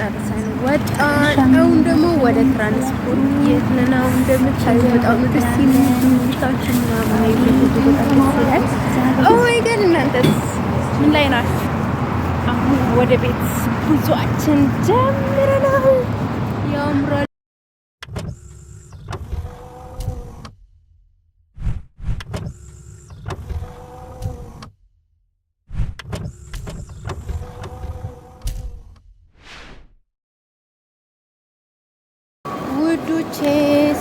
ጨርሰን ወጣን። አሁን ደግሞ ወደ ትራንስፖርት የትነን። አሁን እንደምታዩ በጣም ደስ የሚታችን ወይ ግን እናንተስ ምን ላይ ናችሁ? አሁን ወደ ቤት ጉዟችን ጀምረናል። ያምራል። ውዶቼ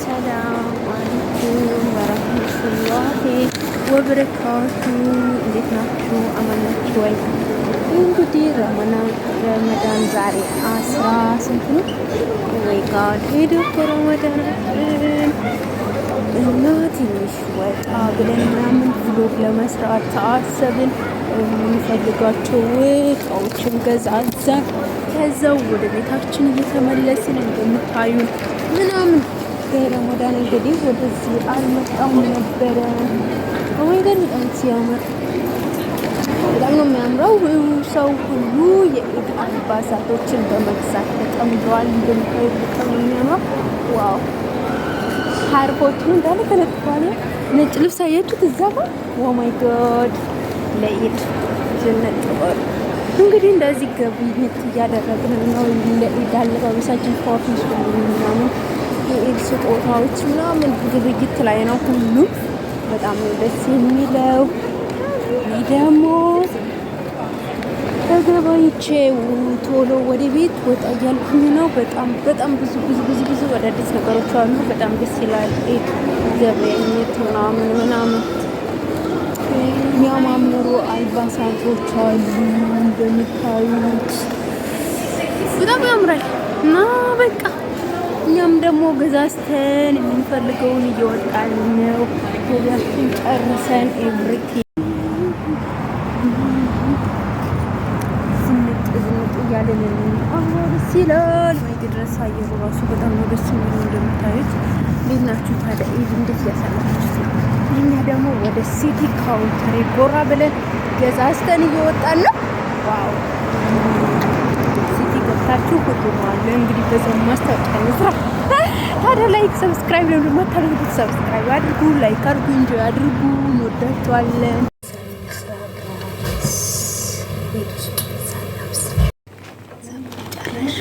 ሰላም አለይኩም ወራህመቱላሂ ወበረካቱ። እንዴት ናችሁ? አማናችሁ ወይ? እንግዲህ ረመዳን ዛሬ አስራ ስንት ነው? ወይ ጋድ ሄደ እኮ ረመዳን እና ትንሽ ወጣ ብለን ምናምን ብሎግ ለመስራት አሰብን። የምንፈልጋቸው እቃዎችን ገዛዛ ከዛው ወደ ቤታችን እየተመለስን እንደምታዩ ምናምን ረመዳን እንግዲህ ወደዚህ አልመጣም ነበረ። መንገድ በጣም ሲያምር በጣም ነው የሚያምረው። ሰው ሁሉ የኢድ አልባሳቶችን በመግዛት ተጠምደዋል። እንደምታዩ በጣም ነው የሚያምረው። ዋው ሀርቦቹ እንዳለ ተለጥፏል። ነጭ ልብስ አያችሁት እዛ ጋር ኦ ማይ ጎድ ለኢድ ጀነት እንግዲህ እንደዚህ ግብይት እያደረግን ነው። ለኢድ አለባበሳችን ፎርምስ ምናምን የኢድ ስጦታዎች ምናምን ግብይት ላይ ነው ሁሉም በጣም ደስ የሚለው ይህ ደግሞ ተገባይቼ ቶሎ ወደ ቤት ወጣ እያልኩኝ ነው። በጣም በጣም ብዙ ብዙ ብዙ ብዙ አዳዲስ ነገሮች አሉ። በጣም ደስ ይላል። ኢድ ምናምን ምናምን የሚያማምሩ አልባሳቶች አሉ እንደሚታዩት በጣም ያምራል እና በቃ እኛም ደግሞ ገዛዝተን የምንፈልገውን እየወጣን ነው። ገዛዝተን ጨርሰን ኤቭሪቲንግ ዝንጥ ዝንጥ እያለን ደስ ይላል። ወይግ ድረስ አየሩ ራሱ በጣም ነው ደስ የሚለው እንደምታዩት። እንዴት ናችሁ ታዲያ? ኢድ እንዴት እያሳለፋችሁት ነው? እኛ ደግሞ ወደ ሲቲ ካውንተር ጎራ ብለን ገዛዝተን እየወጣን ነው። ዋው ሲቲ ገብታችሁ ሁሉ ማለ እንግዲህ በዛም ማስታወቂያ ነው ታዲያ ላይክ ሰብስክራይብ ነው ደግሞ ታደርጉት። ሰብስክራይብ አድርጉ፣ ላይክ አድርጉ፣ እንጂ አድርጉ። እንወዳችኋለን።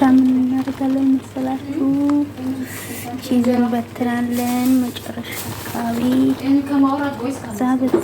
ሻምን እናደርጋለን መሰላችሁ? ይዘን በትናለን። መጨረሻ አካባቢ ዛበት